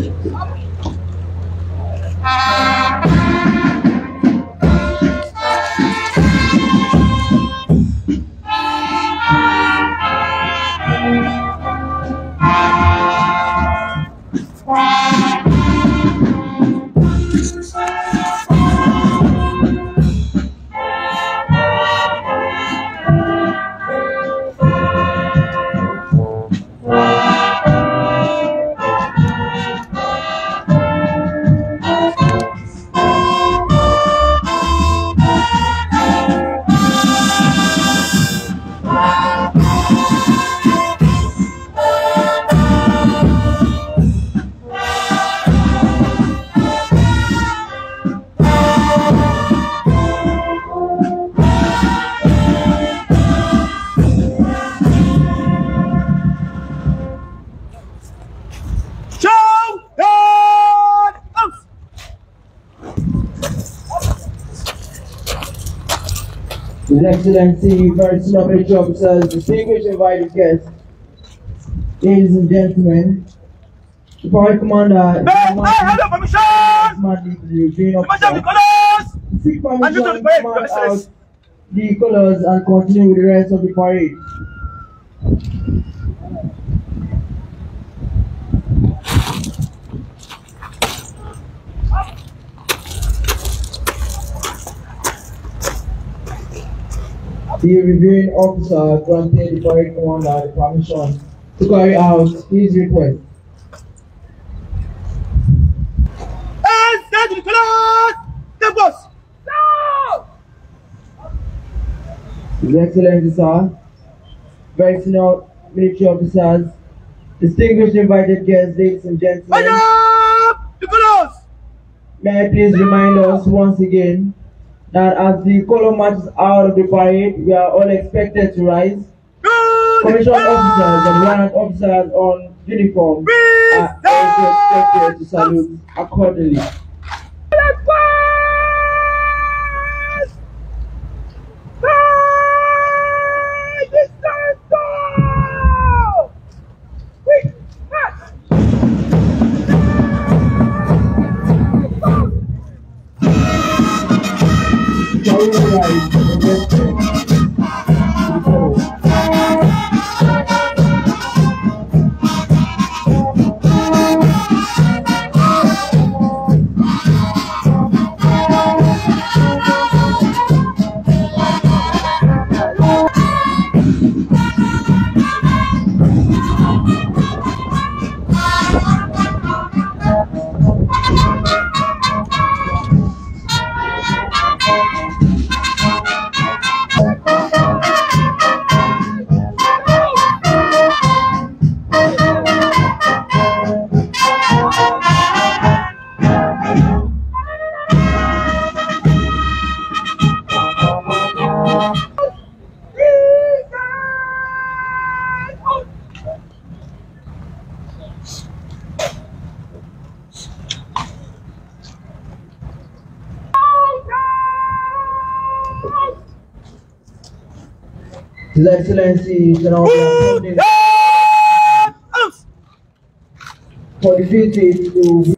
Thank you. His Excellency First Novice Officers, distinguished invited guests, ladies and gentlemen, the Party Commander is commanding the permission to the colors and continue with the rest of the parade. the reviewing officer granted the fire commander the permission to carry out his request. His Excellency, sir, very senior military officers, distinguished invited guests, ladies and gentlemen, may I please remind us once again that as the column marches out of the parade, we are all expected to rise. Commission officers and land officers on uniform are also expected to salute accordingly. way, His Excellency General for the duty to